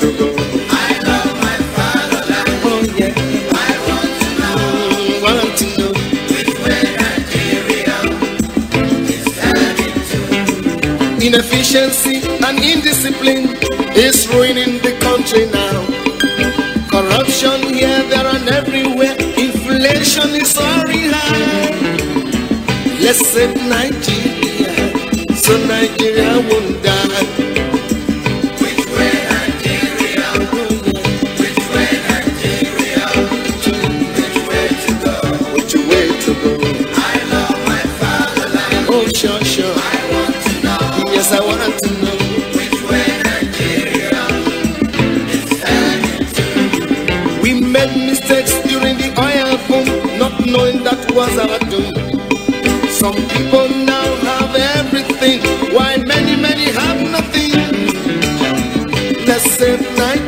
I love my fatherland. Oh yeah. I want to know. want to know. Which way Nigeria Inefficiency and indiscipline is ruining the country now. Corruption here, there and everywhere. Inflation is soaring high. Let's save Nigeria so Nigeria won't die. pretext during the oil boom, not knowing that was our doom. Some people now have everything, while many, many have nothing. Let's save night.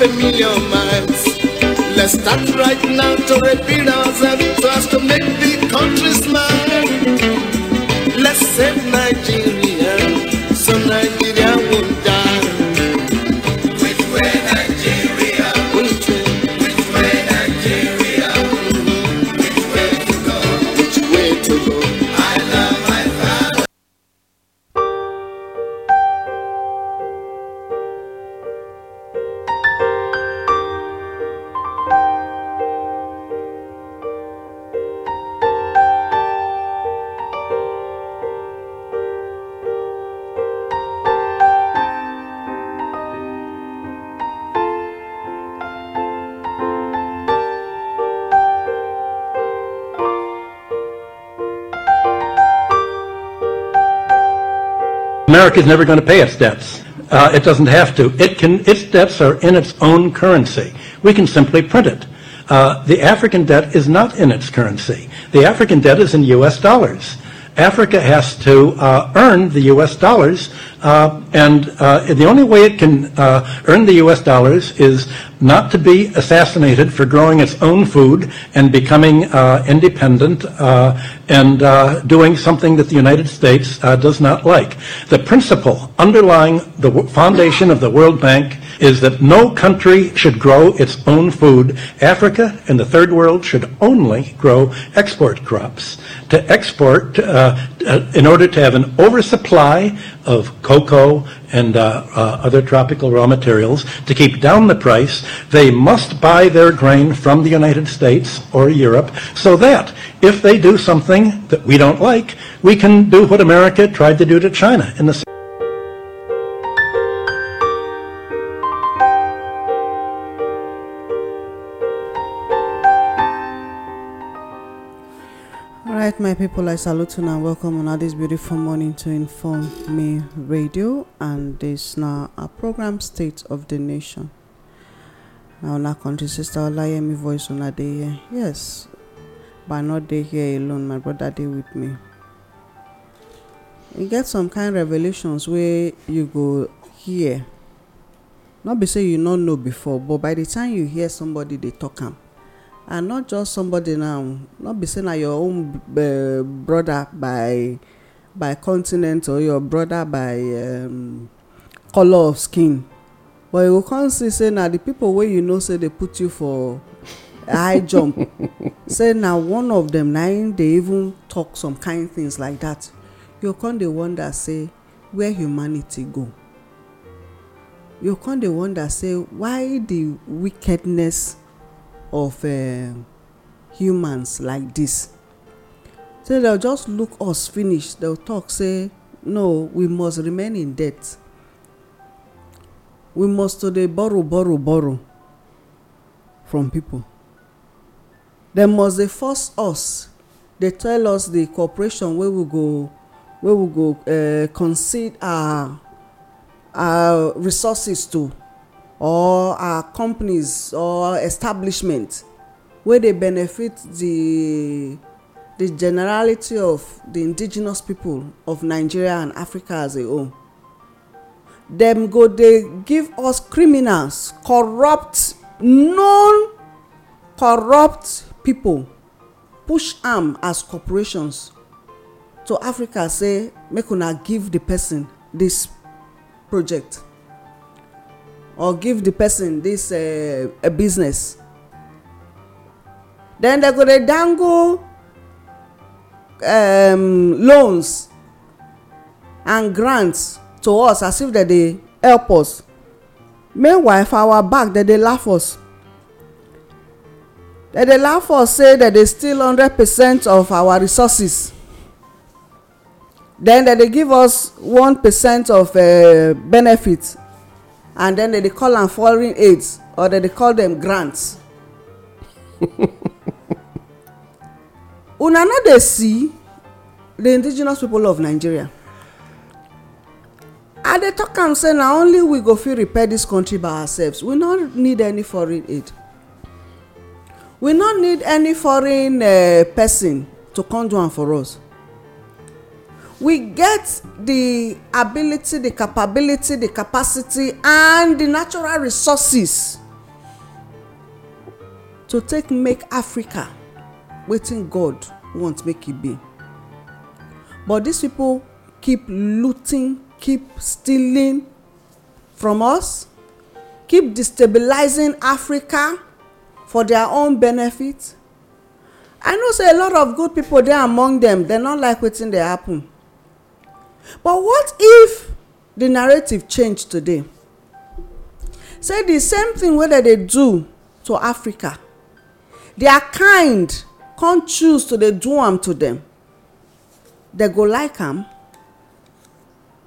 half a million miles. Let's start right now to repeat ourselves to us to make America is never going to pay its debts. Uh, it doesn't have to. It can, its debts are in its own currency. We can simply print it. Uh, the African debt is not in its currency. The African debt is in U.S. dollars. Africa has to uh, earn the U.S. dollars, uh, and uh, the only way it can uh, earn the U.S. dollars is not to be assassinated for growing its own food and becoming uh, independent uh, and doing something that the United States does not like. The principle underlying the foundation of the World Bank is that no country should grow its own food. Africa and the third world should only grow export crops. To export, uh, uh, in order to have an oversupply of cocoa and uh, uh, other tropical raw materials to keep down the price, they must buy their grain from the United States or Europe so that if they do something that we don't like, we can do what America tried to do to China in the right my people i salute you and welcome on this beautiful morning to inform me radio and this now a program state of the nation now our country sister olayemi voice on a day here yes but not dey here alone my brother dey with me You get some kind revelations where you go hear not be say you no know before but by the time you hear somebody they talk am and not just somebody now not be say na your own eh, brother by by continent or your brother by um, colour of skin but you go come see say na the people wey you know say dey put you for high jump say na one of them na im dey even talk some kind things like that you come dey wonder say where humanity go you come dey wonder say why the wickedness of uh, humans like this, so dem just look us finish dem talk say no we must remain in debt we must to dey borrow borrow borrow from people. dem must dey force us dey tell us the corporation wey we go we go uh, concede our our resources to or our companies or establishment wey dey benefit the the generality of the indigenous people of nigeria and africa as a whole dem go dey give us criminals corrupt known corrupt people push am as corporations to africa say make una give the person this project or give the person this uh, a business then they go dey dangle um, loans and grants to us as if dem dey help us meanwhile for our back dem dey laugh us dem dey laugh us say dem dey steal hundred percent of our resources then dem dey give us one percent of uh, benefit and then they dey call am foreign aids or they dey call them grants una no dey see the indigenous people of nigeria i dey talk am say na only we go fit repair this country by ourselves we no need any foreign aid we no need any foreign eh, person to come do am for us we get the ability the capability the capacity and the natural resources to take make africa wetin god want make e be but these people keep looting keep stealing from us keep destabilizing africa for their own benefit i know say a lot of good people dey among them dem no like wetin dey happen But what if the narrative change today? Say the same thing wey dem dey do to Africa, their kind come choose to dey do am to dem. Dem go like am?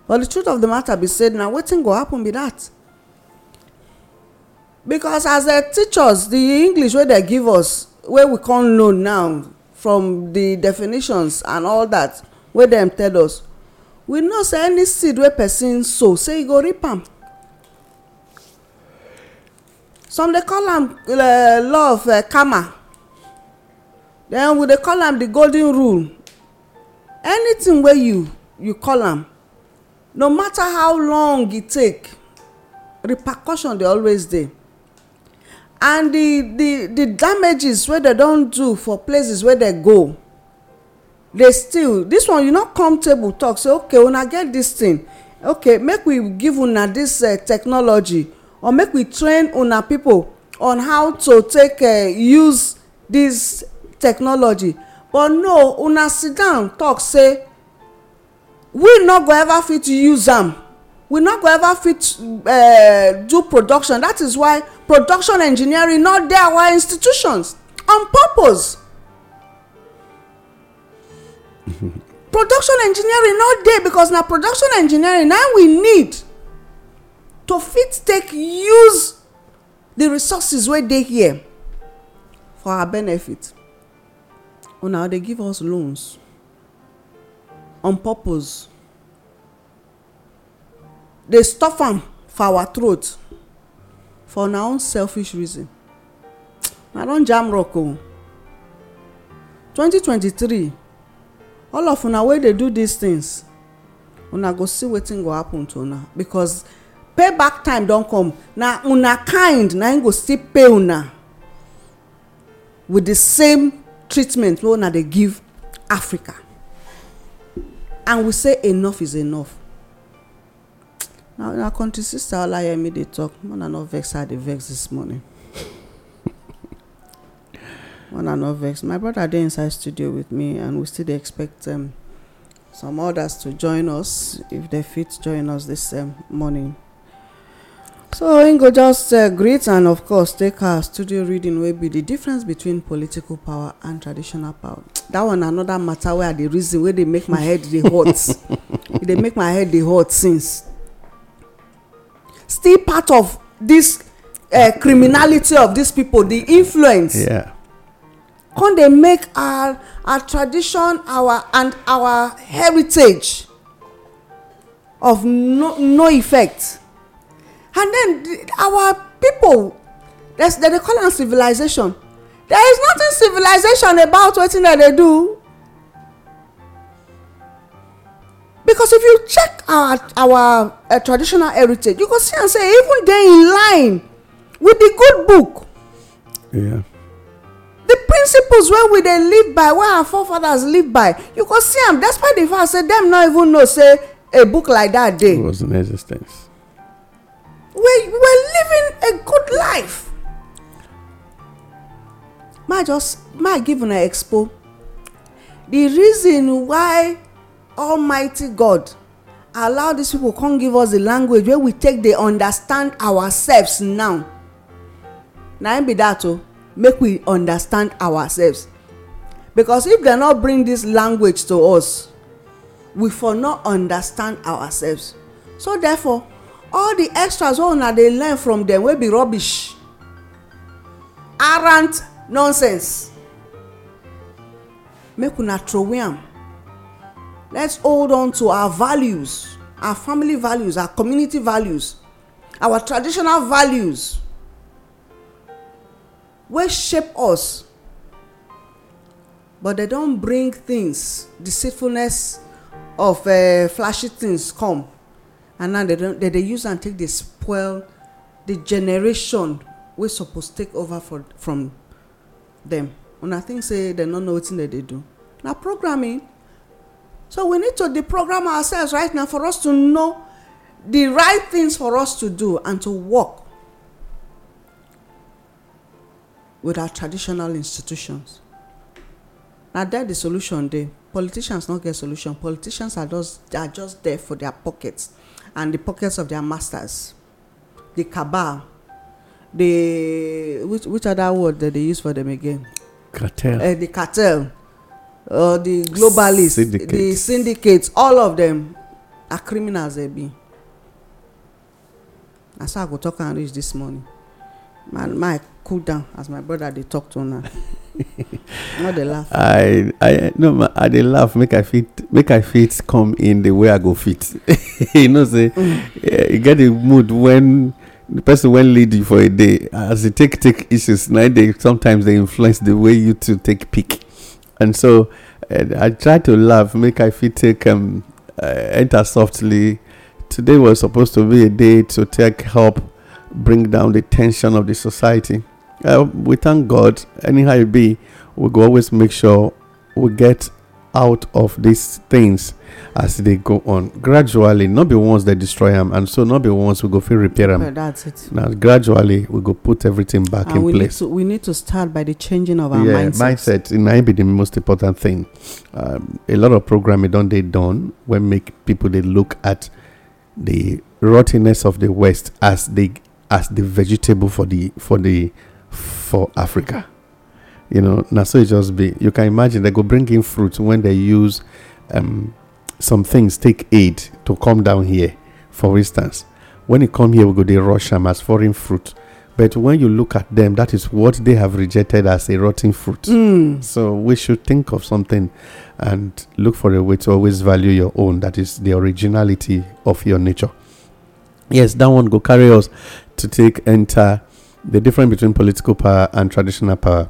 But the truth of the matter be say na wetin go happen be that. Because as dem teach us the English wey dem give us wey we come know now from the definitions and all that wey dem tell us we know say any seed wey person sow say e go reap am some dey call am eh, law of eh, karma then we dey call am the golden rule anything wey you you call am no matter how long e take repercussion dey always dey and the the the damages wey dem don do for places wey dem go They still this one you no come table talk say okay una get this thing okay make we give una dis eh, technology or make we train una people on how to take eh, use this technology but no una sit down talk say we no go ever fit use am we no go ever fit eh, do production that is why production engineering no dey our institutions on purpose production engineering no dey because na production engineering na we need to fit take use the resources wey dey here for our benefit una dey give us loans on purpose dey stuff am for our throat for una own selfish reason na don jam rock o 2023 all of una wey dey do these things una go see wetin go happen to una because payback time don come na una kind na im go still pay una with the same treatment wey una dey give africa and we say enough is enough na una country sister olayemi dey talk una no vex her dey vex this morning one and not vex my brother dey inside studio with me and we still expect um, some others to join us if they fit join us this um, morning so Ingo just uh, greet and of course take our studio reading will be the difference between political power and traditional power That one another matter where the reason where they make my head they hot They make my head they hot since still part of dis uh, criminality of these people, the influence yeah come dey make our our tradition our and our heritage of no no effect and then the, our people that's they dey call am civilization there is nothing civilization about wetin dem dey do because if you check our our uh, traditional heritage you go see am say even dey in line with the good book. Yeah principles wey we dey live by wey our forefathers live by you go see am despite the fact say dem no even know say a book like dat dey was in existence we were living a good life ma just ma give una expo the reason why almighty god allow these people come give us the language wey we take dey understand ourselves now na im be that o oh make we understand ourselves because if dem no bring dis language to us we for no understand ourselves so therefore all the extras wey una dey learn from dem wey be rubbish arrant nonsense make una throway am let's hold on to our values our family values our community values our traditional values wey shape us but dem don bring things deceitfulness of uh, flashy things come and now dem dey use am take dey spoil the generation wey suppose take over for from dem una think say dem no know wetin dem dey do na programming so we need to deprogram ourselves right now for us to know the right things for us to do and to work with our traditional institutions na there the solution dey politicians no get solution politicians are just they are just there for their pockets and the pockets of their masters the cabal the which which other word that they use for them again cartel uh, the cartel uh, the globalists syndicate. the syndicates all of them are criminals they eh, be na so i go talk and reach this morning my my cool down as my brother dey talk to una no dey laugh i i no i dey laugh make i fit make i fit come in the way i go fit you know say you mm. eh, e get the mood when the person wey lead you for a day as you e take take issues na dey sometimes dey influence the way you two take pick and so eh, i try to laugh make i fit take um, eh, enter softly today was supposed to be a day to take help bring down the tension of the society uh, we thank God, anyhow it be, we go always make sure we get out of these things as they go on gradually not be once they destroy them and so not be once we go feel repair them that's it now gradually we go put everything back and in we place need to, we need to start by the changing of our yeah, mindset mindset it might be the most important thing um, a lot of programming don't they done when make people they look at the rottenness of the west as the as the vegetable for the for the for Africa. You know, now so it just be. You can imagine they go bring in fruit when they use um, some things take aid to come down here. For instance, when you come here, we go they rush them as foreign fruit. But when you look at them, that is what they have rejected as a rotting fruit. Mm. So we should think of something and look for a way to always value your own. That is the originality of your nature. Yes, that one go carry us to take enter the difference between political power and traditional power.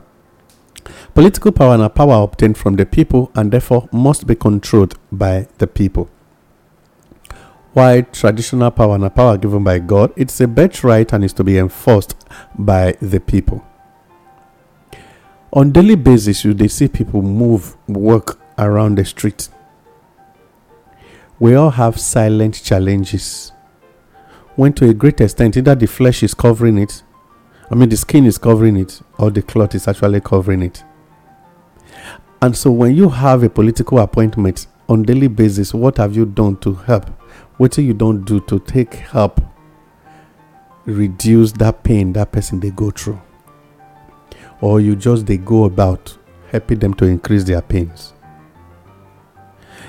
Political power and power obtained from the people and therefore must be controlled by the people. While traditional power and power given by God, it's a birthright and is to be enforced by the people. On daily basis, you they see people move, work around the street. We all have silent challenges. When to a great extent, either the flesh is covering it I mean, the skin is covering it, or the cloth is actually covering it. And so, when you have a political appointment on daily basis, what have you done to help? What you don't do to take help reduce that pain that person they go through, or you just they go about helping them to increase their pains.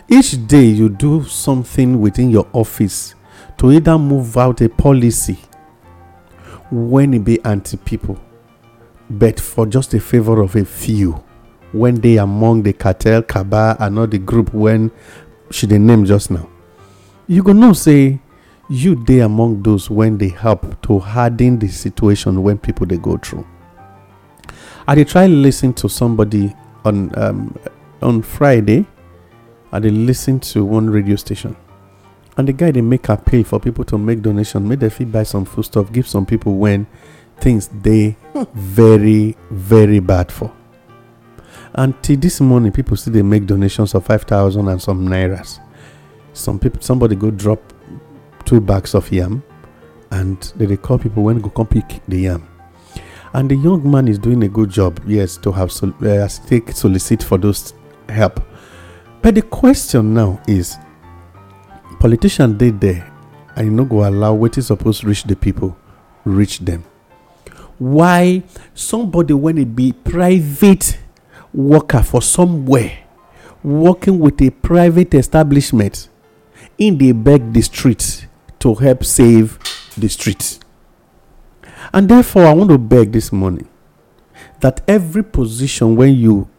Each day you do something within your office to either move out a policy when it be anti people, but for just the favor of a few, when they among the cartel, cabal, and all the group when she the name just now. You gonna say you they among those when they help to harden the situation when people they go through. I did try listen to somebody on um, on Friday. I did listen to one radio station and the guy they make a pay for people to make donation make them fit buy some food stuff give some people when things they very very bad for And till this morning people still they make donations of 5000 and some nairas some people somebody go drop two bags of yam and they, they call people when go come pick the yam and the young man is doing a good job yes to have sol- uh, take solicit for those help but the question now is politician dey there and you no go allow wetin suppose reach the people, reach them. why somebody when e be private worker for somewhere working with a private establishment in dey beg the street to help save the street and therefore i want to beg this morning that every position when you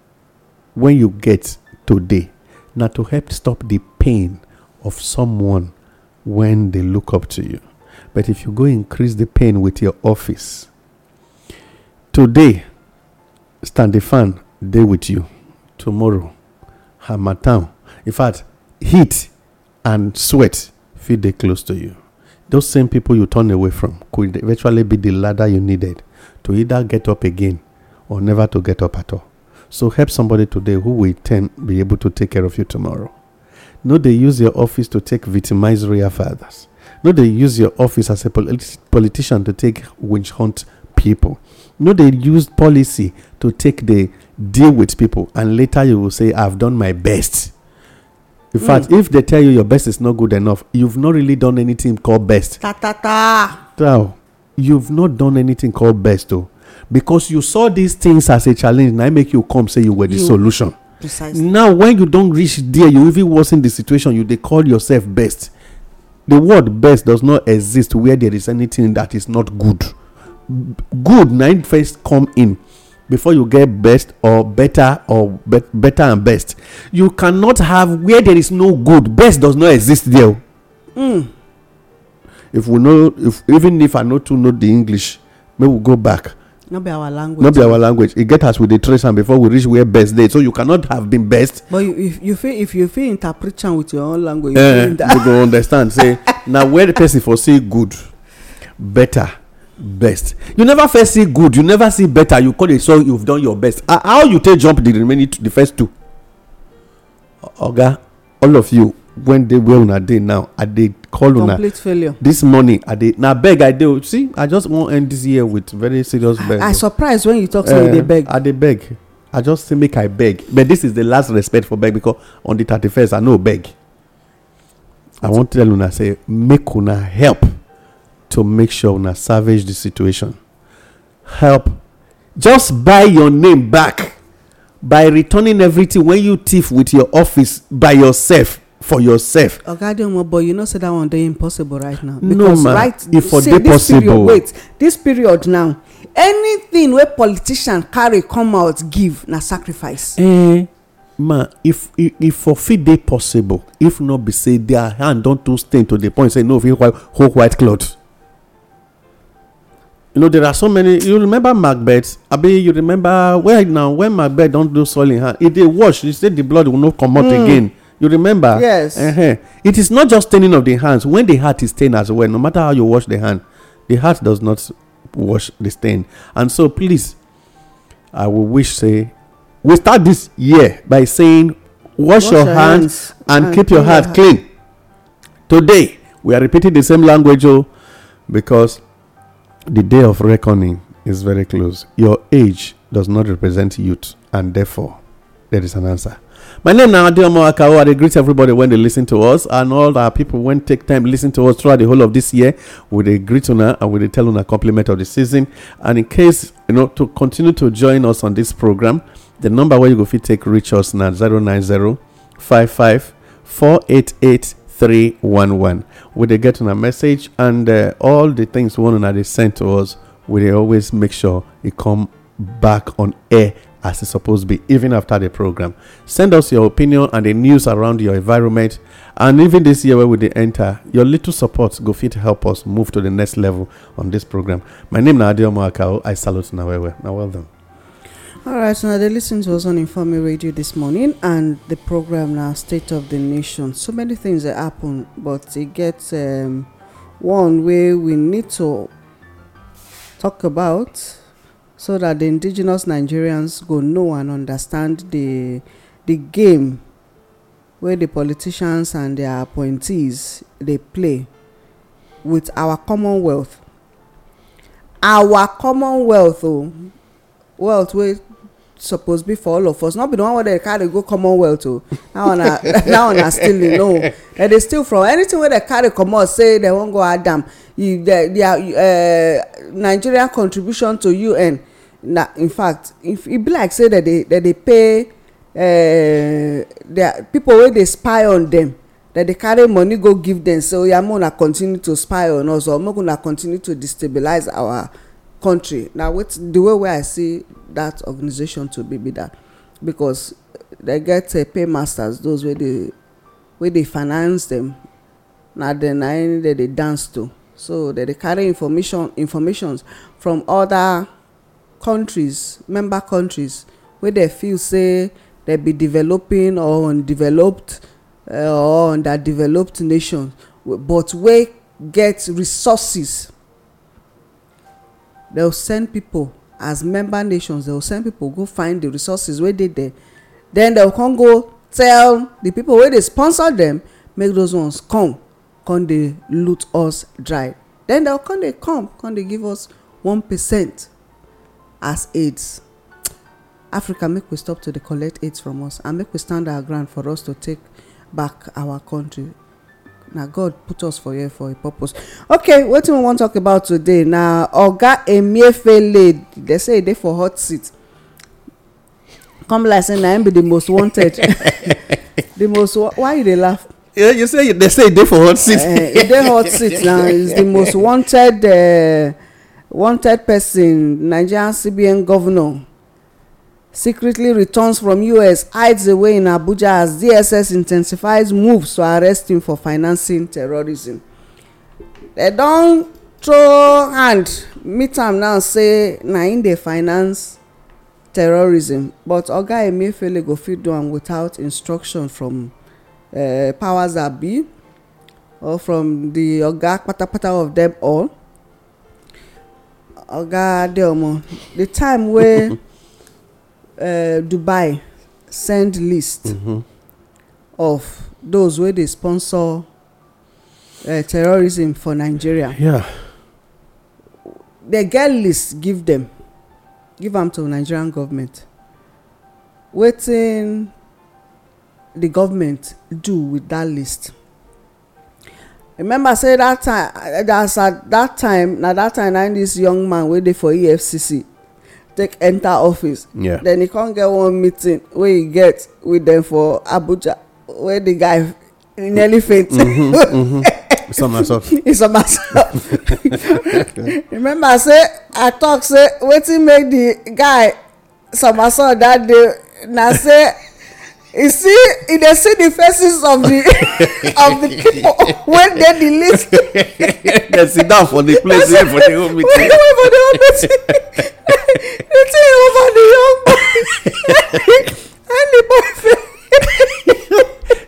when you get today na to help stop the pain of someone when they look up to you. But if you go increase the pain with your office, today, Stand Fan day with you. Tomorrow, Hamatan. In fact, heat and sweat feel they close to you. Those same people you turn away from could eventually be the ladder you needed to either get up again or never to get up at all. So help somebody today who will then be able to take care of you tomorrow. No, they use your office to take victimize real fathers. No, they use your office as a polit- politician to take witch hunt people. No, they use policy to take the deal with people, and later you will say, "I've done my best." In mm. fact, if they tell you your best is not good enough, you've not really done anything called best. Ta ta ta. So, you've not done anything called best, though, because you saw these things as a challenge, and I make you come say you were the you, solution. precisely now when you don reach there you even worsen the situation you dey call yourself best the word best does not exist where there is anything that is not good good na im first come in before you get best or better or be better and best you cannot have where there is no good best does not exist there mm. if we know if even if i no too know the english may we go back no be our language no be our language e get as we dey trace am before we reach where best dey so you cannot have been best but you fit if you fit interpret am with your own language you eh, go understand say na where the person for say good better best you never first see good you never see better you call it so you've done your best ah, how you take jump the remaining the first two oga all of you when they where una dey now i dey call una complete failure this morning i dey na beg i dey see i just wan end this year with very serious beg i surprise when you talk say you dey beg i dey beg i just say make i beg but this is the last respect for beg because on the thirty-first i no beg i wan tell una say make una help to make sure una salvage the situation help just buy your name back by returning everything when you thief with your office by yourself for yourself. oga adeomobo you know say that one dey impossible right now. no ma right, if for dey possible. see this period wait this period now anything wey politician carry come out give na sacrifice. Eh, ma if if, for fit dey possible if no be say their hand don too stain to the point say no fit hold white cloth. you know there are so many you remember macbeth abi you remember where now when macbeth don't do soiling, in they e wash you e say the blood will no comot mm. again. You remember? Yes. Uh-huh. It is not just staining of the hands. When the heart is stained as well, no matter how you wash the hand, the heart does not wash the stain. And so, please, I will wish say, we start this year by saying, wash, wash your, your, hands, hands and, and, keep your heart your clean. Today, we are repeating the same language, oh, because the day of reckoning is very close. Your age does not represent youth, and therefore, there is an answer. My name now, Adiomo Akao. Oh, I greet everybody when they listen to us, and all our people when take time listen to us throughout the whole of this year. With a greeting and with a telling a compliment of the season. And in case you know to continue to join us on this program, the number where you go fit take reach us now 090 55 488 311. We they get on a message and uh, all the things one another sent to us, we they always make sure it come back on air as it's supposed to be, even after the program. Send us your opinion and the news around your environment. And even this year, where we enter, your little support go fit help us move to the next level on this program. My name is Adio Moakao. I salute Nawewe. Now, well done. All right, so now they listen to us on Informe Radio this morning, and the program now State of the Nation. So many things that happen, but it gets um, one way we need to talk about so that the indigenous nigerians go know and understand the the game wey the politicians and their appointees dey play with our commonwealth our commonwealth o oh, wealth wey suppose be for all of us no be the one wey dey carry go commonwealth o oh. that one na that one na stealing no dem dey steal from anything wey dem carry comot say dem wan go add am their uh, uh, nigeria contribution to un na in fact if e be like say dem dey pay uh, their people wey dey spy on dem dem dey carry money go give dem say oya make una continue to spy on us or make una continue to destabilize our country na the way wey i see that organization to be be that because dem get paymasters those wey dey finance dem na dem na any dem dey dance to so they dey carry information informations from other countries member countries wey dem feel say dem be developing or undeveloped eh, or underdeveloped nations. but wey get resources dem send people as member nations dem send people go find the resources wey dey there Then dem come go tell the people wey dey sponsor them make those ones come come dey loot us dry then dem come dey come come dey give us one percent as aids africa make we stop to dey collect aids from us and make we stand our ground for us to take back our country na god put us for here for a purpose okay wetin we wan talk about today na oga emefiele dey say e dey for hot seat come like say na him be the most wanted the most why you dey laugh Yeah, you say they say they for hot seat e eh, dey hot seat now is the most wanted uh, wanted person nigerian cbn governor secretly returns from us hides away in abuja as dss intensifies moves to arrest him for financing terrorism They don't throw hand meet am now say na im dey finance terrorism but oga emefiele go fit do am without instruction from Eh, powers that be or from the oga patapata of them all oga adeomo the time wey eh, dubai send list mm-hmm. of those wey dey sponsor eh, terrorism for nigeria Yeah, they get list give them, give am to nigerian government wetin the government do with that list remember say that time That's at that time na that time na this young man wey dey for efcc take enter office Yeah. then he come get one meeting wey he get with dem for abuja wey the guy nearly faint It's It's remember say i talk say wetin make the guy somersault that day na say you see you dey see the faces of the of the people wey dey the list. dem sit down for the place wey for the home meeting. wey for the home meeting the thing over the young boy and the boy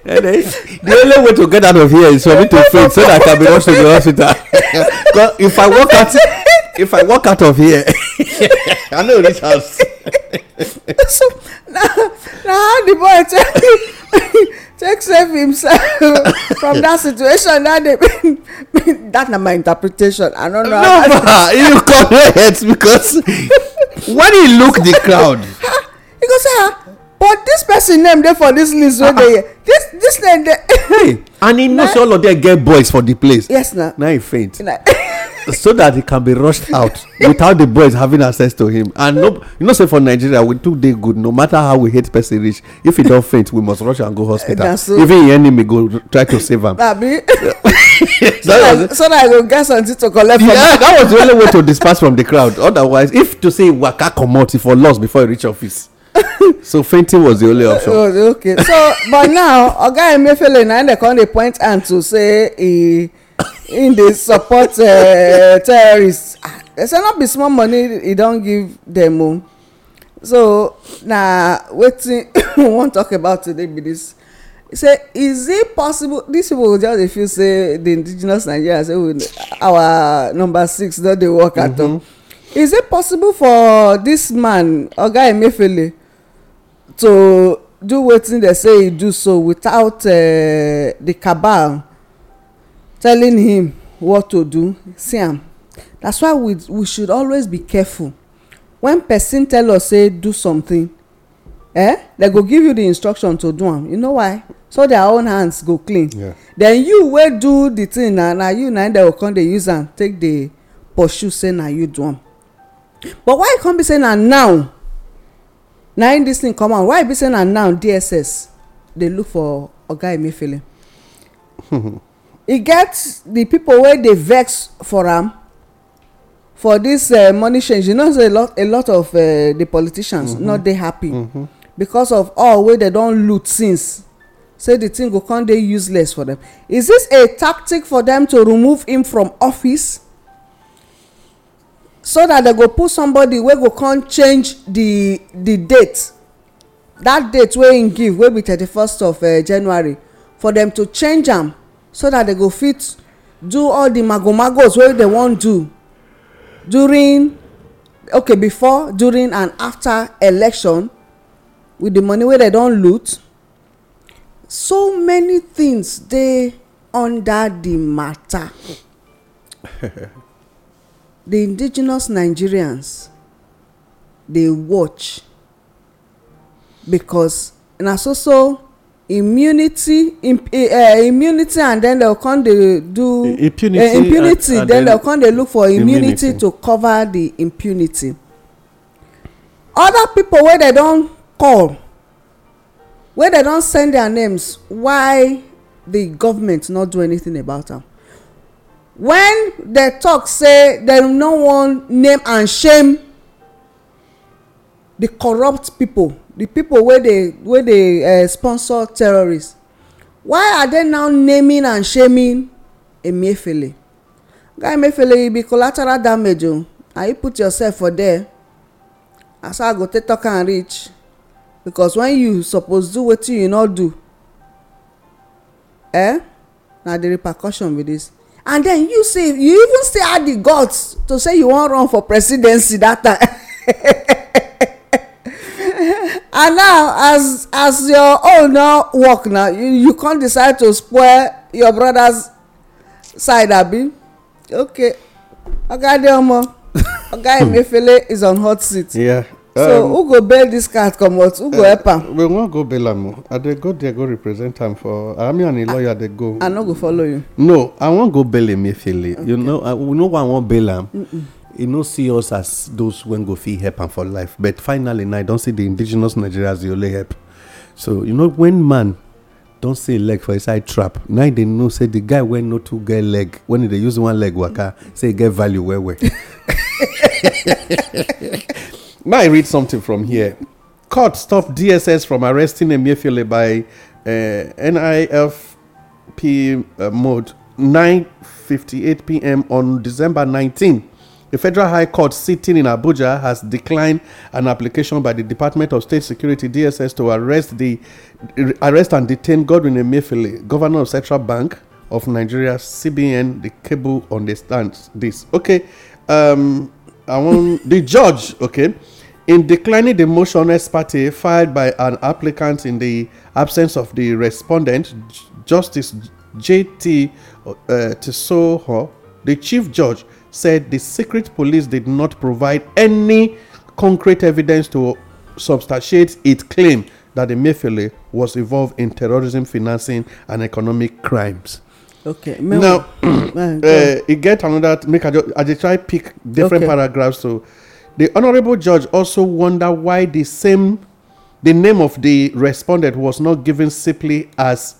the only way to get out of here is for me to faint so that i can be rushed to the hospital. if i work out if i walk out of here i know this house so now, now the boy take take save himself from that situation that day that na my interpretation i don't know no, how no ma you correct because when he look the crowd he go say ah but this person name there for this list wey dey ah, ah. here this this name there." and he knows all of them get boys for the place. yes na. Now he faint. Na, so that he can be rushed out without the boys having access to him and no you know say for nigeria we do dey good no matter how we hate person rich, if he don't faint we must rush and go hospital even him enemy go try to save am. abi so that i go get something to collect from. yeah that was the only way to disperse from the crowd otherwise if to say waka comot for loss before he reach office. so fainting was the only option. okay so but now oga emefiele na him dey come dey point and to say he. In dey support uh, terrorists ah, they say no be small money He don give them o so na wetin we wan talk about today be this say is it possible these people just dey feel say the indigenous nigerians say we our number six don dey work at all mm-hmm. is it possible for this man oga emefiele to do wetin dem say he do so without uh, the cabal telling him what to do see am um, that's why we we should always be careful when person tell us say do something eh they go give you the instruction to do am you know why so their own hands go clean yeah. then you wey do the thing na na you na dem go come dey use am take dey pursue say na you do am but why e come be say na now na im dis thing come out why e be say na now dss dey look for oga emefiele. e get the people wey dey vex for am for dis eh, money change you know say a lot of eh, the politicians mm-hmm. not dey happy mm-hmm. because of all wey dem don loot since say di thing go come dey useless for them. is this a tactic for them to remove him from office so that they go put somebody wey go come change the the date that date wey him give wey be thirty first of eh, january for them to change am so that they go fit do all the magomagos wey they wan do during okay before during and after election with the money wey they don loot so many things dey under the matter The indigenous nigerians dey watch because na so so immunity eh, eh, immunity and then dem come dey do impunity, uh, impunity and, then dem come dey look for immunity, immunity to cover the impunity other people wey dem don call wey dem don send their names why the government no do anything about am when they talk say dem no wan name and shame the corrupt people the people wey dey wey dey eh, sponsor terrorists why are they now naming and shaming emefiele guy emefiele you be collateral damage o oh. and you put yourself for there as i go take talk am reach because when you suppose do wetin you no do eh na the repercussion be this and then you say you even say had the guts to say you wan run for presidency that time and now as as your own no work now you you come decide to spoil your brother's side abi okay oga adeomo oga emefele is on hot seat. Yeah. so um, who go bail this cat comot who go uh, help am we wan go bail am o i dey go there go represent am for army and a lawyer dey go i no go follow you no i wan go bail emefiele you know we no wan wan bail am e no see us as those wey go fit help am for life but finally now i don see the indigenous nigerians dey only help so you know when man don see leg for inside trap now e dey know say the guy wey no too get leg when e dey use one leg waka say e get value well well now i read something from here court stop dss from arresting emefiele by eh, nilfp eh, mode 9:58pm on december 19 The Federal High Court sitting in Abuja has declined an application by the Department of State Security DSS to arrest the arrest and detain Godwin Emefiele, Governor of Central Bank of Nigeria CBN. The cable understands this. Okay, um, I want the judge. Okay. In declining the motion ex parte filed by an applicant in the absence of the respondent, Justice J.T. Uh, Tisoho, the chief judge said the secret police did not provide any concrete evidence to substantiate its claim that the Emefiele was involved in terrorism financing and economic crimes. Okay. May now, uh, uh it get another. Make a just, I just try pick different okay. paragraphs. So, the honourable judge also wonder why the same, the name of the respondent was not given simply as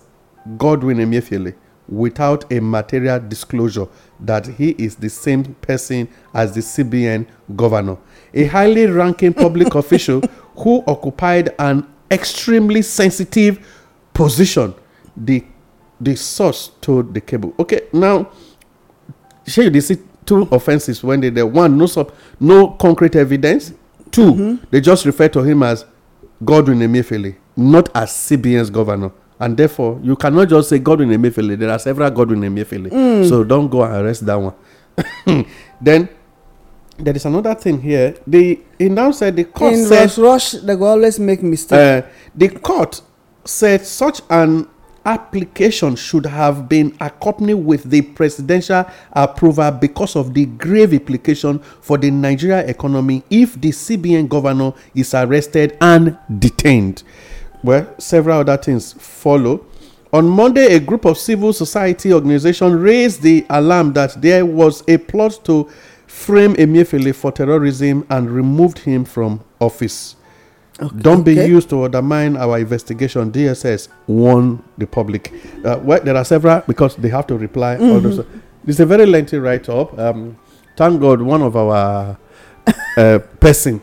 Godwin Emefiele without a material disclosure that he is the same person as the CBN governor, a highly ranking public official who occupied an extremely sensitive position, the the source told the cable. Okay, now share you see two offenses when they there. One, no sub, no concrete evidence. Two, mm-hmm. they just refer to him as Godwin Emefiele, not as CBN's governor. And therefore, you cannot just say Godwin Emefiele. There are several Godwin Emefiele. Mm. So don't go and arrest that one. then there is another thing here. The he now said the court in said, rush rush they go always make mistake. Uh, the court said such an application should have been accompanied with the presidential approval because of the grave implication for the Nigeria economy if the CBN governor is arrested and detained. Well, several other things follow. On Monday, a group of civil society organizations raised the alarm that there was a plot to frame Emefiele for terrorism and removed him from office. Okay, Don't be okay. used to undermine our investigation. DSS warned the public. Uh, well, there are several because they have to reply. Mm-hmm. All those. It's a very lengthy write up. Um, thank God, one of our uh, person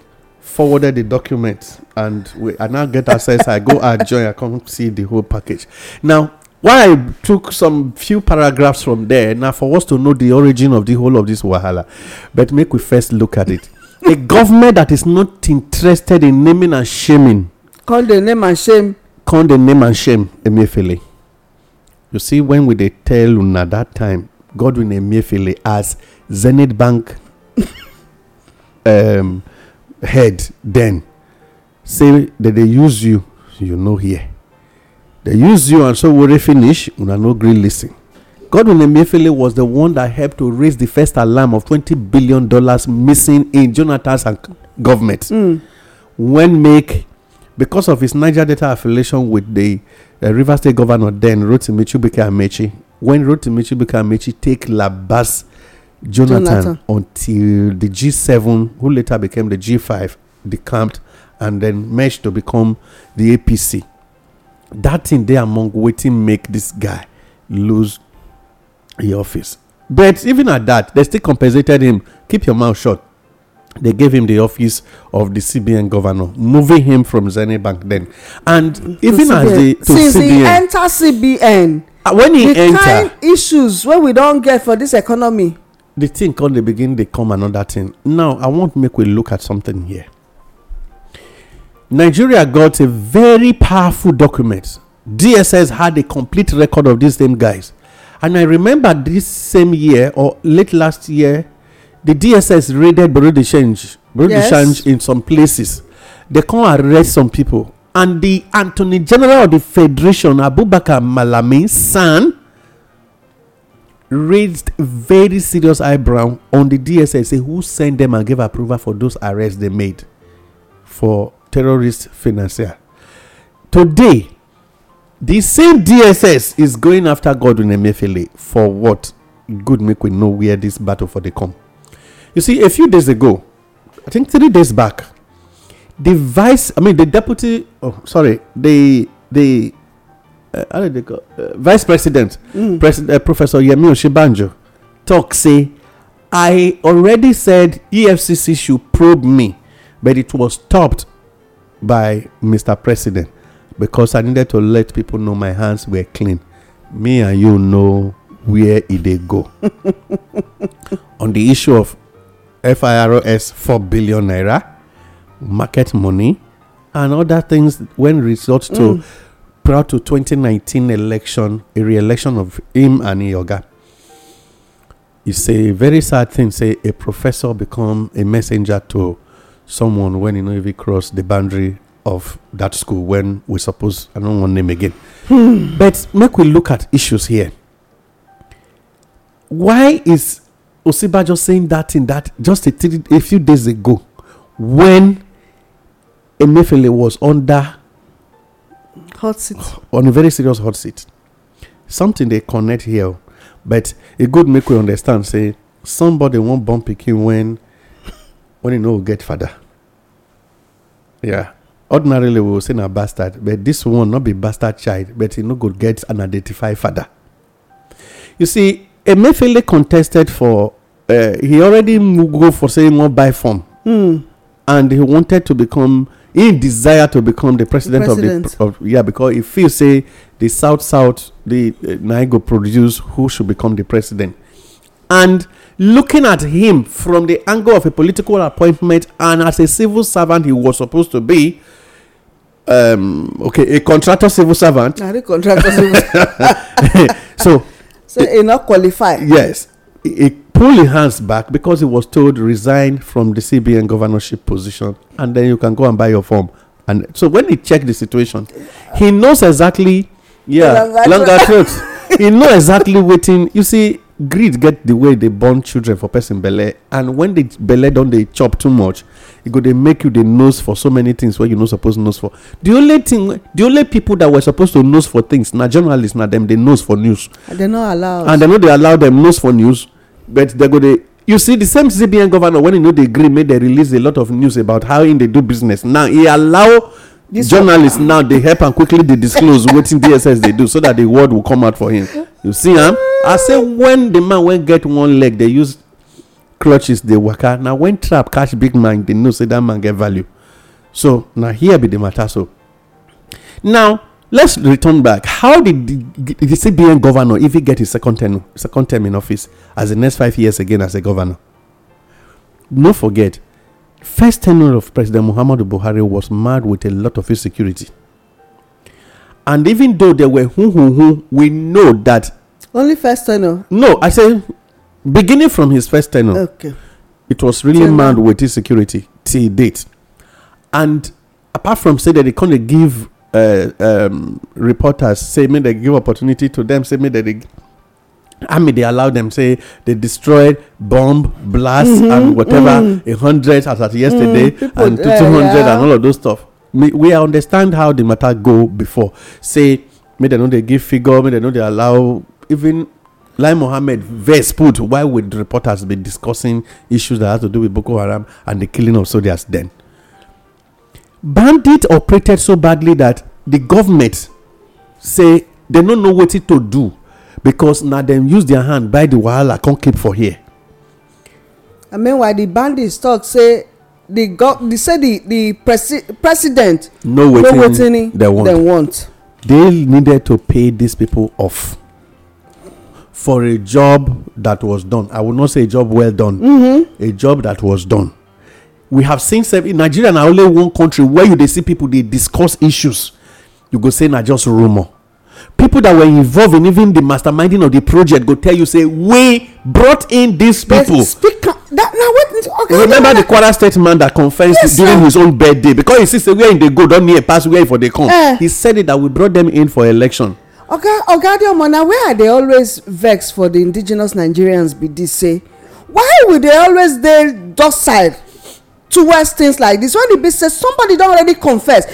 forwarded the document and we, I now get access. I go and join, I come see the whole package. Now, why I took some few paragraphs from there now for us to know the origin of the whole of this Wahala, but make we first look at it. A government that is not interested in naming and shaming, call the name and shame, call the name and shame Emefiele. You see, when we they tell Una that time, Godwin Emefiele as Zenit Bank. um, head then say that they use you you know here, they use you and so when worry finish una no gree listen godwin emefiele was the one that helped to raise the first alarm of 20 billion dollars missing in jonathan's government mm. when make because of his niger delta affiliation with the uh, river state governor then rotimi chubuka amechi when rotimi chubuka amechi take labas Jonathan, until the G7, who later became the G5, decamped and then merged to become the APC. That thing there among waiting make this guy lose the office. But even at that, they still compensated him. Keep your mouth shut. They gave him the office of the CBN governor, moving him from Zenny Bank then. And to even CBN. as the to since CBN, he enter CBN, uh, when he the enter kind issues where we don't get for this economy the thing come dey begin dey come another thing now i want make we look at something here nigeria got a very powerful document dss had a complete record of these same guys and i remember this same year or late last year the dss raided bureau de change bureau yes. change in some places they come arrest some people and the attorney general of the federation abubakar malami san raised very serious eyebrow on the DSA, say who sent them and gave approval for those arrests they made for terrorist financier. Today, the same DSS is going after Godwin Emefiele for what? Good make we know where this battle for the come. You see, a few days ago, I think three days back, the vice, I mean the deputy, oh sorry, the the Eh, how did they eh, Vice President, mm. President eh, Professor Yemi Oshibanjo, talk say, I already said EFCC should probe me, but it was stopped by Mr. President because I needed to let people know my hands were clean. Me and you know where it they go. On the issue of FIRS 4 billion naira, market money, and other things when resort to mm prior to 2019 election, a re-election of him and Iyoga. It's a very sad thing, say a professor become a messenger to someone when he you know if he cross the boundary of that school when we suppose I don't want name again. Hmm. But make we look at issues here. Why is just saying that in that just a, th- a few days ago when Emefele was under Hot seat. On a very serious hot seat. Something they connect here. But it good make we understand, say somebody won't bump picking when when you know get father. Yeah. Ordinarily we will say a bastard, but this one not be bastard child, but he no good get an identified father. You see, Emefiele contested for uh, he already go for saying more by form. Mm. And he wanted to become in desire to become the president, the president. of the of, yeah because if you say the south south the uh, Niger produce who should become the president and looking at him from the angle of a political appointment and as a civil servant he was supposed to be um okay a contractor civil servant a contractor civil so so he not qualify yes he. pull his hands back because he was told resign from the CBN governorship position and then you can go and buy your form. And so when he checked the situation, he knows exactly, yeah, longer truth. he know exactly waiting. You see, greed get the way they born children for person belle and when the belle don't they chop too much it e go dey make you the nose for so many things where you no suppose nose for the only thing the only people that were supposed to nose for things now journalists now them they nose for news and they no they allow them nose for news but they go dey you see the same cbn governor when he no dey gree make dem release a lot of news about how im they do business now he allow journalists now they help and quickly they disclose what wetin dss they do so that the word will come out for him you see am i say when the man went get one leg they use clutches dey waka Now when trap catch big man they know say that man get value so now here be the matter so now let's return back. How did the, the CBN governor even get his second term, second term in office as the next five years again as a governor? No forget, first tenure of President Muhammadu Buhari was marred with a lot of insecurity. And even though there were who who who, we know that only first tenure. No, I say beginning from his first tenure. Okay. It was really tenure. mad with insecurity till date. And apart from say that they can't give uh, um, reporters say may they give opportunity to them say may they army they allow them say they destroyed bomb blast mm-hmm, and whatever mm. a hundred as at yesterday mm, and two hundred yeah. and all of those stuff we, we understand how the matter go before say may they know they give figure may they know they allow even like Mohammed vex put why would reporters be discussing issues that have to do with Boko Haram and the killing of soldiers then bandits operated so badly that the government say they no know wetin to do because na dem use their hand buy di wahala come keep for here and meanwhile di bandits tok say di president No wetin dem want they needed to pay dis pipo off for a job that was done i would not say a job well done mm-hmm. a job that was done we have seen in nigeria na only one country where you dey see people dey discuss issues you go say na just rumour people that were involved in even the masterminding of the project go tell you say we brought in these people. that, now what, okay, remember the kwara state man that confessed yes, during sir. his own birthday because he see say where they go don near pass where for dey come. Uh, he said it that we brought them in for election. oga oga adeomo na where i dey always vex for the indigenous nigerians be this say why we dey always dey docile towards things like this, when e be say somebody don already confess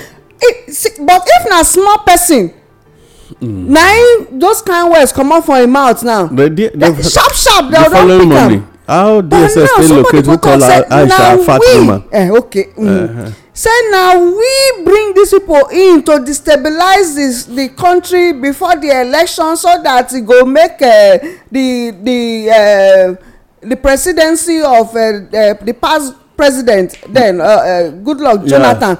but if na small person hmm. na im those kind words comot for im mouth now eh, sharp sharp dem don pick am how dss dey locate who call aisha fat woman eh okay hmm. uh-huh. say na we bring dis pipo in to destabilize di country before di election so dat e go make di eh, eh, presidency of di past president then uh, uh, goodluck jonathan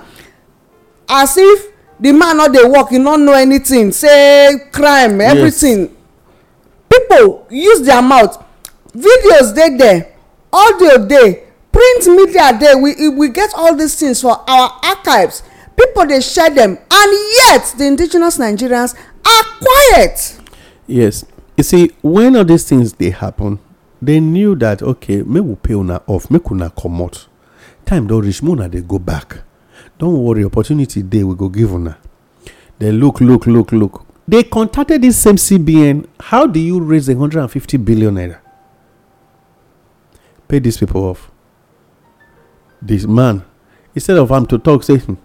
as if the man no dey work he no know anything say crime everything people use their mouth videos dey there audio dey print media dey we we get all these things for our archives people dey share them, and yet the indigenous nigerians are quiet yes you see when all these things dey happen they knew that okay make we pay una off make una comot time don reach make dey go back don worry opportunity dey we go give una dey look look look look they contacted this same cbn how do you raise a hundred and fifty billion naira pay these people off this man instead of am to talk say hmm,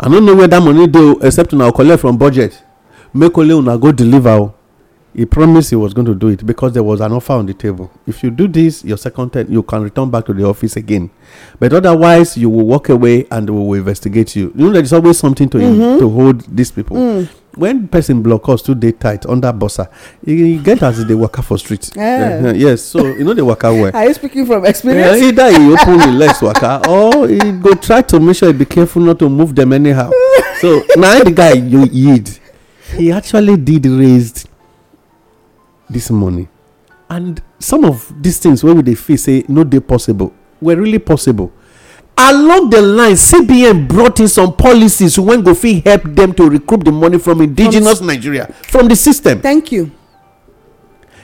i no know where that money dey except una collect from budget make only una go deliver o oh. He promised he was going to do it because there was an offer on the table. If you do this, your second term, you can return back to the office again. But otherwise, you will walk away and we will investigate you. You know, there's always something to mm-hmm. to hold these people. Mm. When person block us two day tight under bossa, you get as the worker for street. Yeah. Uh, yes, so you know the worker where? Are you speaking from experience? Uh, either he open the legs worker or he go try to make sure he be careful not to move them anyhow. so now the guy you yield, he actually did raised This money and some of these things wey we dey feel say no dey possible were really possible along the line cbn brought in some policies wey go fit help them to recoup the money from indigenous nigeria from the system thank you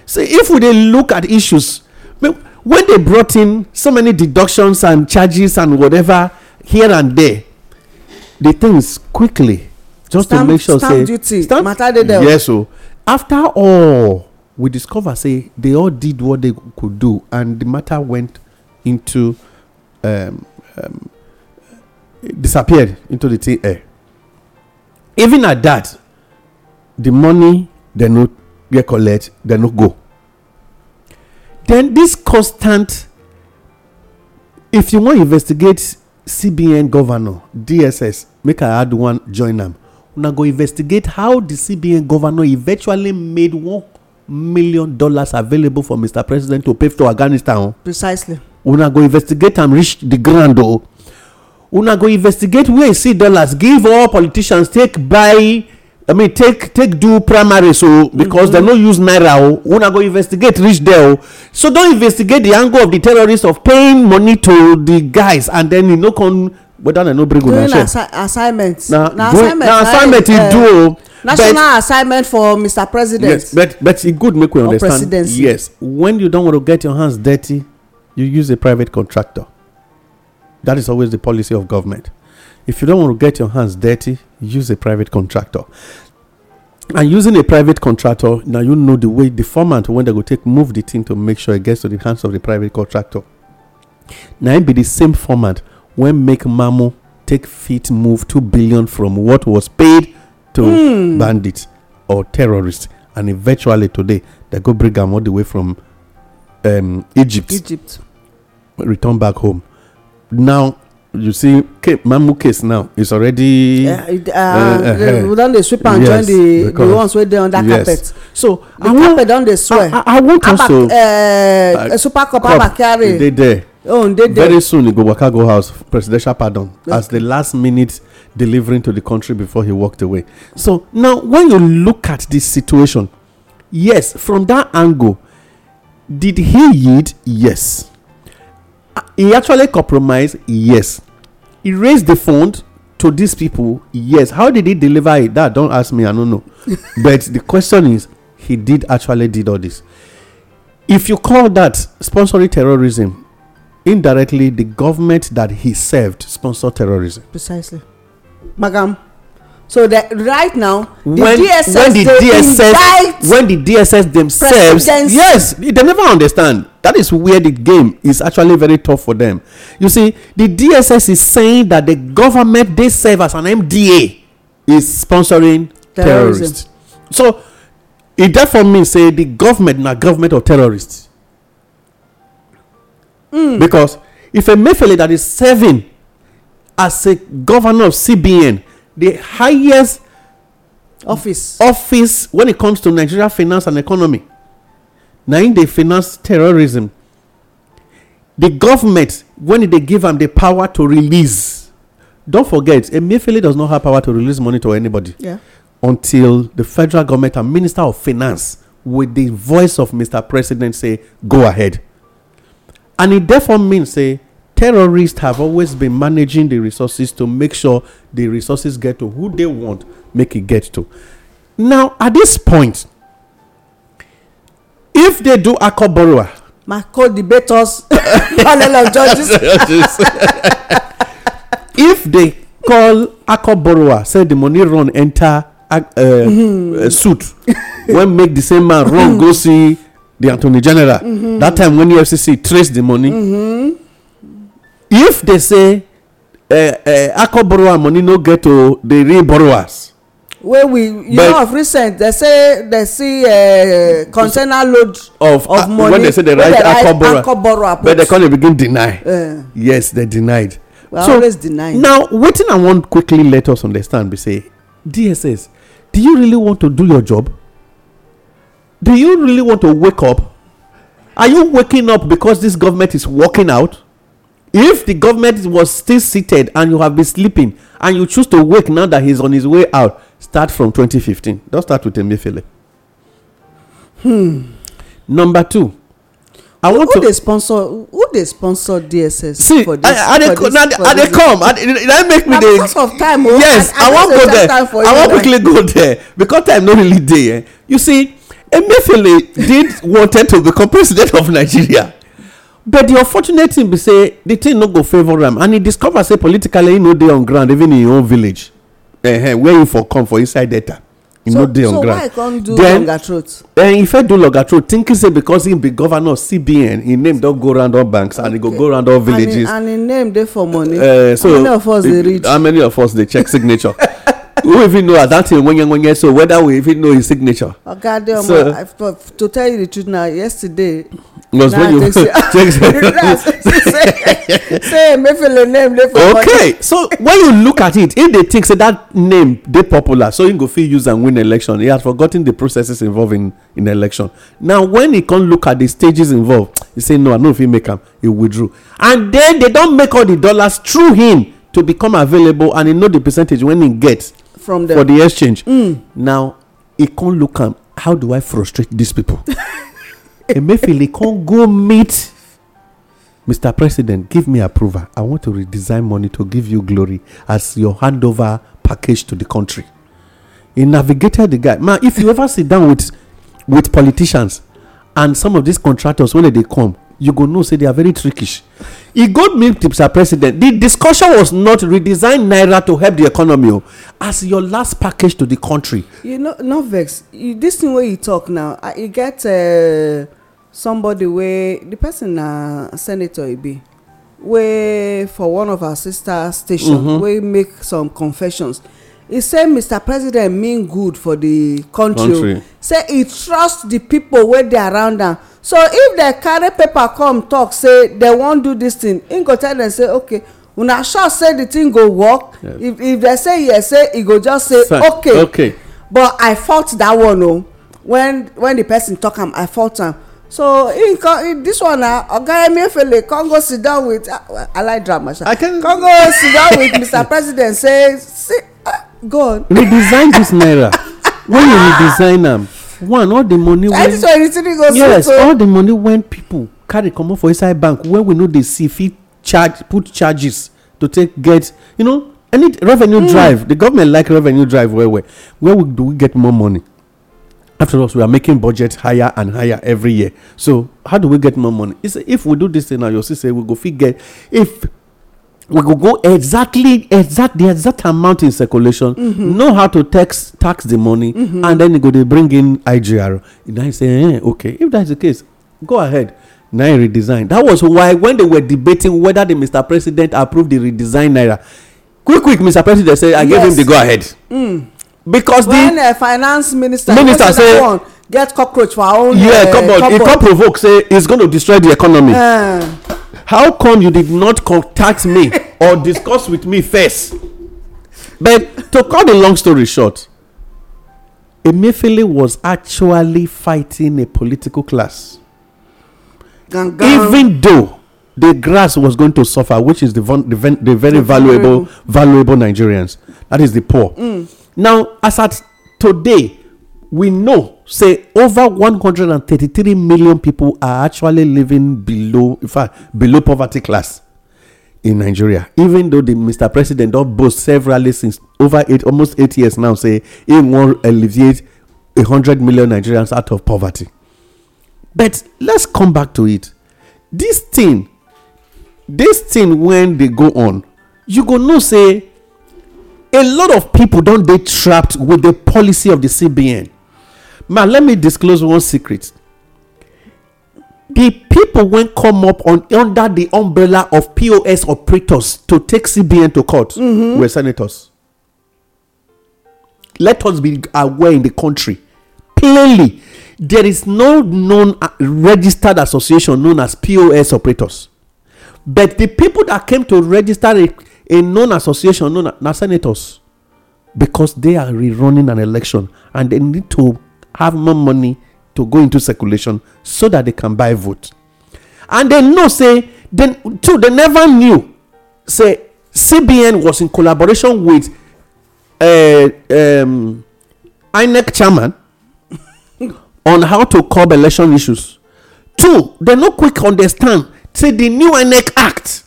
so if we dey look at issues when dey brought in so many deductions and charges and whatever here and there the things quickly just to make sure say stamp duty matter dey there yes o oh. after all we discover say they all did what they could do and the matter went into um, um, disappeared into the thin air even at that the money they no get collect they no go then this constant if you wan investigate cbn governor dss make i add one join am una go investigate how the cbn governor eventually made one million dollars available for mr president to pay to afghanistan o. precisely. una go investigate am reach the ground o. Oh. una go investigate where e see dollars give all politicians take buy i mean take take do primary so oh, because dem mm-hmm. no use naira o oh. una go investigate reach there o so don investigate the angle of the terrorists of paying money to the guys and then e no come whether dem no bring una share. doing assignment na assignment na assignment e eh, do o national but, assignment for mr president yes but but it good make we understand yes when you don't want to get your hands dirty you use a private contractor that is always the policy of government if you don't want to get your hands dirty use a private contractor and using a private contractor now you know the way the format when they go take move the thing to make sure it gets to the hands of the private contractor Now it be the same format when make mamu take feet move two billion from what was paid to mm. bandits or terrorists. And eventually today, they go bring them all the way from um, Egypt. Egypt. Return back home. Now, you see, Mamu case now is already. Uh, uh, uh, uh, they sweep and yes, join the, the ones where they under yes. carpet. So the I carpet want, don dey I, I, I want Abba, also. Uh, uh, super cup Abba carry. Dey there. Oh, they there. Very soon, go waka go house presidential pardon yeah. as the last minute delivering to the country before he walked away. So now, when you look at this situation, yes, from that angle, did he yield? Yes. Uh, he actually compromised? Yes. He raised the fund to these people? Yes. How did he deliver it? That don't ask me, I don't know. but the question is, he did actually did all this. If you call that sponsoring terrorism, indirectly the government that he served sponsored terrorism. Precisely. magam so that right now the when, dss when the dss when the dss themselves yes they never understand that is where the game is actually very tough for them you see the dss is saying that the government they serve as an mda is sponsoring terrorists so it therefore means say the government na government of terrorists mm. because if a mefele that is serving as a governor of CBN, the highest office office when it comes to Nigeria finance and economy. Now in the finance terrorism, the government when they give them the power to release. Don't forget, Emefiele does not have power to release money to anybody. Yeah. Until the federal government and minister of finance, with the voice of Mr. President, say go ahead, and it therefore means say terrorists have always been managing the resources to make sure the resources get to who they want make it get to now at this point if they do accord borrower my co-debaters panel of judges if they call accord borrower say the money run enter uh, mm-hmm. uh, suit when make the same man run go mm-hmm. see the attorney general mm-hmm. that time when efcc trace the money mm-hmm if they say eh, eh, ako borrower money no get to the real borrowers wey we you know of recent they say they see eh, container load of of ah, money when they say they write akko borrower but they come begin deny yes they denied Always so now wetin i wan quickly let us understand be say dss do you really want to do your job do you really want to wake up are you waking up because this government is working out if the government was still seated and you have been sleeping and you choose to wake now that he's on his way out start from 2015 don't start with emefiele hmm number two i want who to dey sponsor who dey sponsor dss see, for this I, I for this na, for I this come i dey make me dey because of time o oh, yes i, I, I wan go there i wan quickly go there because time no really dey eh you see emefiele did wanted to become president of nigeria but the unfortunate thing be say the thing no go favour am and he discover say politically he no dey on ground even in im own village -huh, where he for come for inside delta e no dey on ground so why e come do longer then if fit do longer throat thinking say because im be governor of cbn im name don go round all banks and he go go round all villages and im name dey for money eh, how many of us dey read how many of us dey check signature we even know at that time wenye wenye so whether we even know his signature. oga adeoma so, to tell you the truth now yesterday. was when you take say say emefiele name dey for okay so when you look at it if they think say that name dey popular so him go fit use am win election he had forgotten the processes involved in in election now when he come look at the stages involved he say no i no fit make am he withdrew and then they don make all the dollars through him to become available and he know the percentage when he get from them for the exchange mm. now he come look am how do i frustrate dis pipo emefiele e come go meet mr president give me approval i want to redesign money to give you glory as your handover package to the country he navigated the guy man if you ever sit down with with politicians and some of these contractors wey they come you go know say they are very trickish e go tips tipsa president The discussion was not redesign naira to help the economy oh. as your last package to the country you know, no vex This thing wey you talk now you get uh, somebody wey the person na senator e be wey for one of our sister station mm-hmm. wey make some confessions He say mr president mean good for the country say he trust the people wey dey around am so if dem carry paper come talk say dem wan do this thing im go tell dem say okay una sure say the thing go work if if dem say yes say he go just say okay okay but i fault that one o oh. when when the person talk am i fault am so him come this one na ah, oga emefiele come go sit down with ah, i like drama sha come go sit down with mr president say see ah, go redesign this naira when you redesign am one all the money wey yes all the money wey people carry comot for inside bank When we no dey see fit charge put charges to take get you know any revenue hmm. drive the government like revenue drive well well where do we get more money after all we are making budget higher and higher every year so how do we get more money if we do this thing now you'll see say we go fit get if we go go exactly exact the exact amount in circulation mm-hmm. know how to tax tax the money mm-hmm. and then you go dey bring in igr and i say eh okay if that's the case go ahead na redesign that was why when they were debating whether the mr president approved the redesign naira quick quick mr president say i gave him the go ahead mm. because when the finance minister minister say get cockroach for our own yeah eh, cupboard e come provoke say its going to destroy the economy eh how come you did not contact me or discuss with me first but to cut the long story short emefiele was actually fighting a political class Gang -gang. even though the grass was going to suffer which is the, the, the very mm. valuable valuable nigerians that is the poor mm. now as at today we know say over 133 million people are actually living below in fact below poverty class in nigeria even though the mr president don boast severally since over eight almost eight years now say he wan alleviate 100 million nigerians out of poverty but let's come back to it this thing this thing when they go on you go know say a lot of people don dey trapped with the policy of the cbn man let me disclose one secret the people wey come up on under the umbrella of pos operators to take cbn to court mm-hmm. were senators let us be aware in the country plainly there is no known uh, registered association known as pos operators but the people that came to register a, a known association known as senators because they are rerunning an election and they need to have more money to go into circulation so that they can buy vote and they know say Then two, they never knew say cbn was in collaboration with uh, um, inec chairman on how to curb election issues two they no quick understand say the new inec act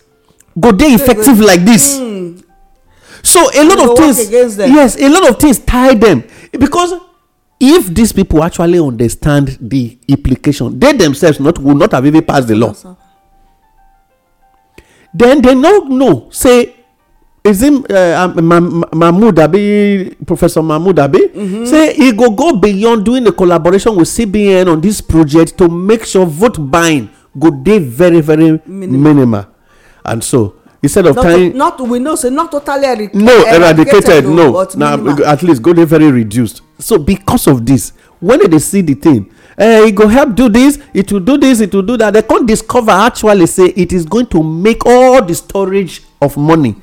go dey effective like this mm. so a lot of things yes a lot of things tie them because if these people actually understand the implication they themselves not will not have even passed the law awesome. then they no know say is him uh, um, mahmoud abi professor mahmoud abi mm -hmm. say he go go beyond doing a collaboration with cbn on this project to make sure vote buying go dey very very minimal. minimal and so instead of not tying. not we know say not totally eradicated. no eradicated no na at least go dey very reduced so because of this when they see the thing eh e go help do this it will do this it will do that they come discover actually say it is going to make all the storage of money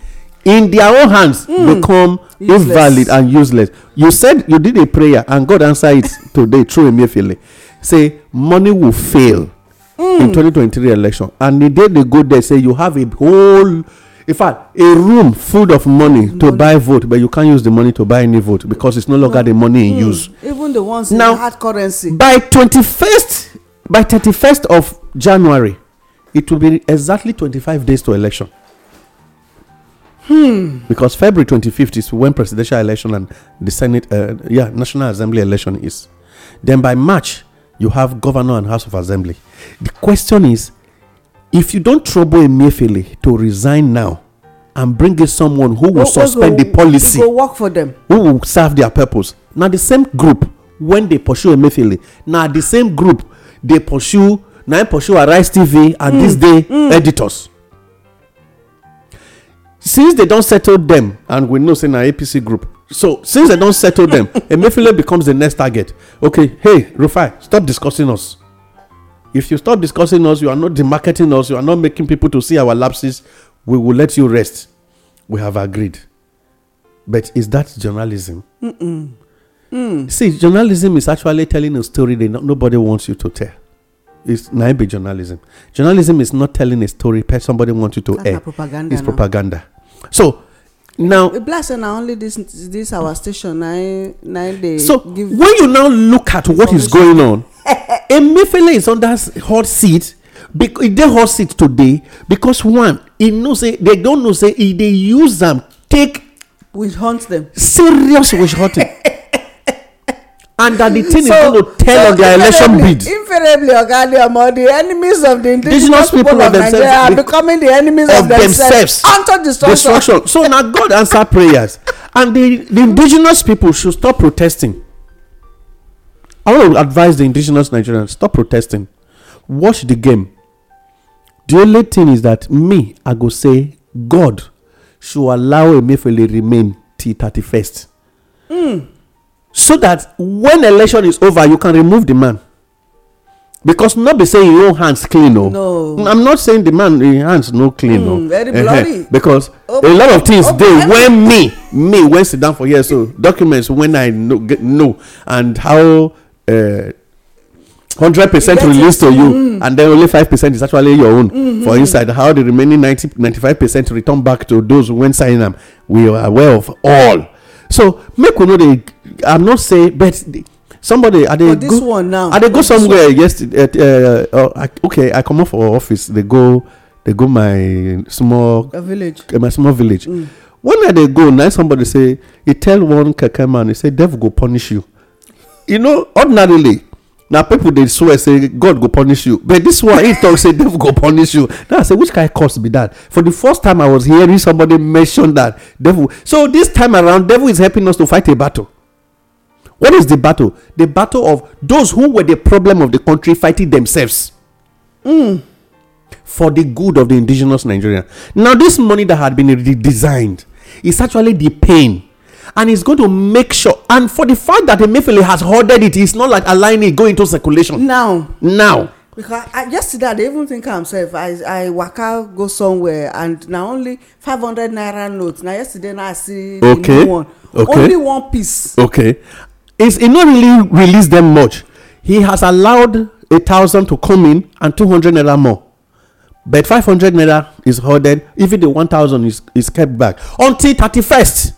in their own hands hmm. become invalid and useless you said you did a prayer and god answer it today through emefiele say money will fail Hmm. in 2023 election and the day they go there say you have a whole in fact a room full of money, money. to buy vote but you can't use the money to buy any vote because it's no longer the money mm. in hmm. use hmm. even the ones now, in hard currency by 21st by 31st of january it will be exactly 25 days to election hmm. because february 25th is when presidential election and the senate uh, yeah national assembly election is then by march you have governor and house of assembly. The question is if you don't trouble Emefiele to resign now and bring in someone who will what, suspend go, the policy, who will work for them, who will serve their purpose. Now, the same group when they pursue Emefiele, now the same group they pursue, now pursue Arise TV and mm. this day mm. editors. Since they don't settle them, and we know say na APC group, So since they don't settle them, Emefiele becomes the next target. Okay, hey Rufai, stop discussing us. If you stop discussing us, you are not demarketing us, you are not making people to see our lapses. We will let you rest. We have agreed. But is that journalism? Mm-mm. Mm. mm. See, journalism is actually telling a story that no, nobody wants you to tell. It's naive journalism. Journalism is not telling a story somebody wants you to air. Propaganda it's now. propaganda. So now we bless say na only this this our station na na dey so give when you now look at what is going on emefiele is under hot seat e dey hot seat today because one e know say they don know say e dey use am take witch hunt dem serious witch hunting and that the thing so, is going to tell so on their election bid. invariably oganiamo the enemies of the indigenous, indigenous people, people of, of nigeria are becoming the enemies of, of themselves, themselves unto destruction. destruction. so now, god answer prayers and the the indigenous people should stop protesting i want to advise the indigenous nigerians stop protesting watch the game the only thing is that me i go say god should allow emefiele remain till thirty-first. Mm so that when election is over you can remove the man because not be say him own hands clean o oh. no i'm not saying the man him hands no clean o oh. hmm, very bloody because oh, a lot of things dey when me me when sit down for here so documents when i know and how uh, hundred percent release to you hmm. and then only five percent is actually your own hmm, for inside how the remaining ninety ninety five percent return back to those when sign am we are aware of all so make we know dey i'm not say but somebody i they go uh, uh, uh, i they go somewhere yesterday okay i come comot for office They go They go my small village my small village mm. when i they go Now somebody say He tell one keke man He say devil go punish you you know ordinarily Now people they swear say god go punish you but this one he talk say devil go punish you now i say which kind curse be that for the first time i was hearing somebody mention that devil so this time around devil is helping us to fight a battle what is the battle the battle of those who were the problem of the country fighting themselves mm. for the good of the indigenous nigerian now this money that had been redesigned is actually the pain and he's going to make sure. And for the fact that Emefiele has hoarded it, it's not like aligning it go into circulation. Now, now. Because I, yesterday I dey even think am sef I I out, go somewhere and now only five hundred naira notes. Now yesterday now I see okay. the new one. Okay. Only one piece. Okay. It's, he not really released them much. He has allowed a thousand to come in and two hundred naira more. but 500 naira is hoarded even the 1000 is is kept back until 31st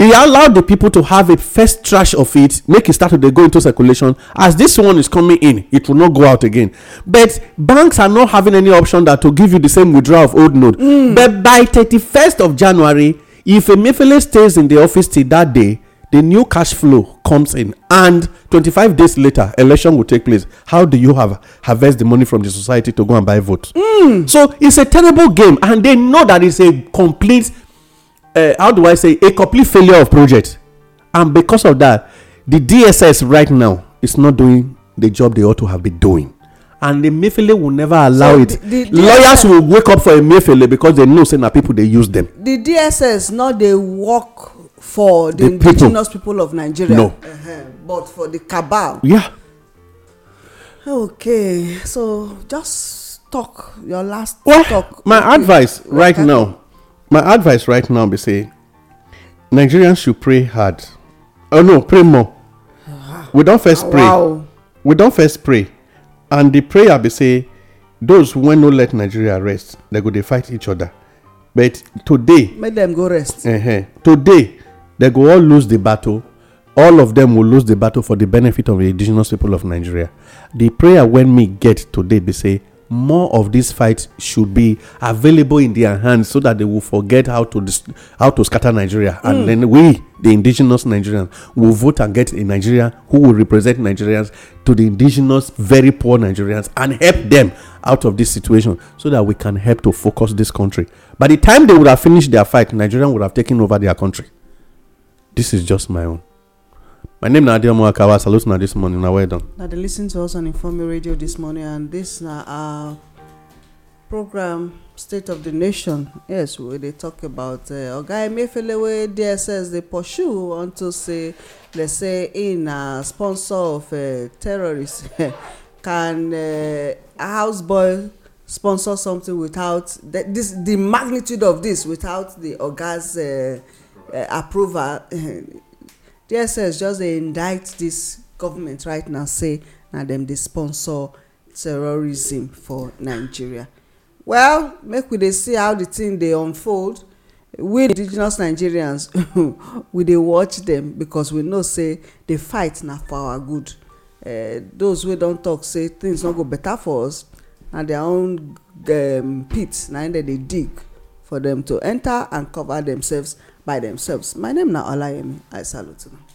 He allowed the people to have a first trash of it make it start to dey go into circulation as this one is coming in it will not go out again but banks are not having any option that to give you the same withdrawal of old note hmm. but by 31st of january if emefiele stays in the office till that day the new cash flow comes in and 25 days later election will take place how do you have harvest the money from the society to go and buy votes? mm. so it's a terrible game and they know that it's a complete uh, how do I say a complete failure of project, and because of that, the DSS right now is not doing the job they ought to have been doing. And the Mifile will never allow so it. The, the Lawyers DSS, will wake up for a Mifile because they know say na people they use them. The DSS not they work for the, the indigenous people. people of Nigeria. No. Uh-huh, but for the cabal. Yeah. Okay, so just talk your last well, talk. My advice right okay. now my advice right now be say nigerians should pray hard oh no pray more ah, we don first ah, pray we don first pray and the prayer be say those wey no let nigeria rest They go dey fight each other but today make them go rest uh-huh, today they go all lose the battle all of them will lose the battle for the benefit of the indigenous people of nigeria The prayer wey me get today be say more of this fight should be available in their hands so that they will forget how to dis- how to scatter Nigeria, and mm. then we, the indigenous Nigerians, will vote and get a Nigeria who will represent Nigerians to the indigenous, very poor Nigerians, and help them out of this situation so that we can help to focus this country. By the time they would have finished their fight, Nigerian would have taken over their country. This is just my own. My name is Nadia Mwakawa. Salute now this morning. Now, well done. Now, they listen to us on Informe Radio this morning, and this now our program State of the Nation. Yes, we they talk about uh, Oga Emefele wey DSS dey pursue unto say they say in a sponsor of uh, terrorists can uh, eh, a houseboy sponsor something without the, this the magnitude of this without the oga's uh, uh, approval. dss just dey indict dis government right now say na dem dey sponsor terrorism for nigeria well make we dey see how di tin dey unfold we indigenous nigerians we dey watch dem because we know say di fight na for our good eh, those wey don talk say things no go better for us na their own um, pit na im dem dey dig for dem to enter and cover themselves by themselves. My name na Olayemi. I salute you.